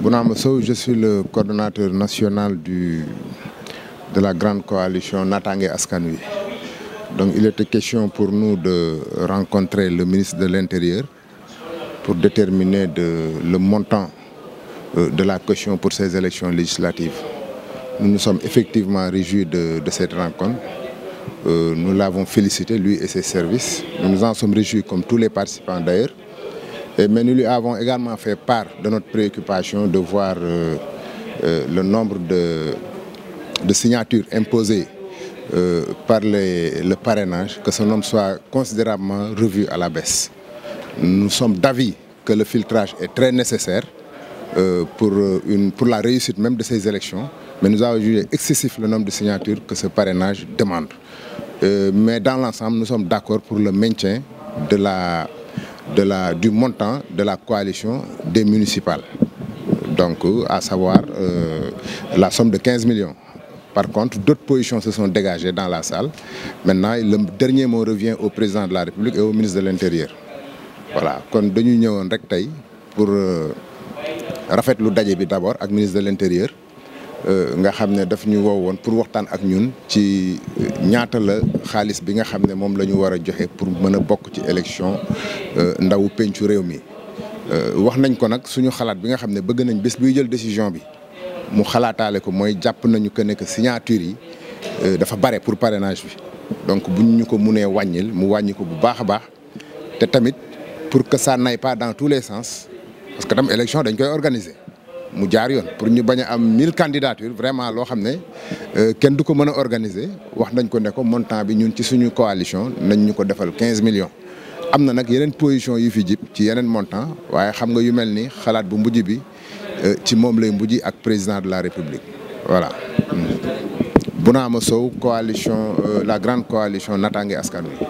Bounama Sow je suis le coordonnateur national du de la grande coalition Natangué Askan Wi donc il était question pour nous de rencontrer le ministre de l'Intérieur pour déterminer de, le montant euh, de la question pour ces élections législatives. Nous nous sommes effectivement réjouis de, de cette rencontre. Euh, nous l'avons félicité, lui et ses services. Nous nous en sommes réjouis comme tous les participants d'ailleurs. mais nous lui avons également fait part de notre préoccupation de voir euh, euh, le nombre de, de signatures imposées euh, par les, le parrainage, que ce nombre soit considérablement revu à la baisse. Nous sommes d'avis que le filtrage est très nécessaire euh, pour, euh, une, pour la réussite même de ces élections, mais nous avons jugé excessif le nombre de signatures que ce parrainage demande. Euh, mais dans l'ensemble, nous sommes d'accord pour le maintien de la de la, du montant de la coalition des municipales. Donc, à savoir euh, la somme de 15 millions. Par contre, d'autres positions se sont dégagées dans la salle. Maintenant, le dernier mot revient au président de la République et au ministre de l'Intérieur. Voilà, kon dañu ñëwoon rek tey pour euh, rafetlu daje bi d'abord ak ministre de l'Intérieur Euh, nga xam ne daf ñu woo woon pour waxtaan ak ñun ci euh, ñaata la xaalis bi nga xam ne moom la ñu war a joxe pour mën a bokk ci élection euh, ndawu pencu réew mi wax nañ ko nag suñu xalaat bi nga xam ne bëgg nañ bés buy jël décision bi mu xalaataale ko mooy jàpp nañu que ne que signature yi dafa bare pour parrainage bi donc buñ ñu ko munee wàññil mu wàññi ko bu baax a baax te tamit pour que ça n'aille pas dans tous les sens parce que tam élection dañ koy organiser mu jaar yoon pour ñu bañ a am mille candidatures vraiment loo xam ne euh, kenn du ko mën a organiser wax nañ ko ne ko montant bi ñun ci suñu coalition nañ ñu ko defal quinze millions. am na nag yeneen position yi fi jib ci yeneen montant waaye xam nga yu mel ni xalaat bu mujj bi euh, ci moom lay mujj ak président de la république voilà. Mm. Bounama Sow coalition euh, la grande coalition Natangué Askan Wi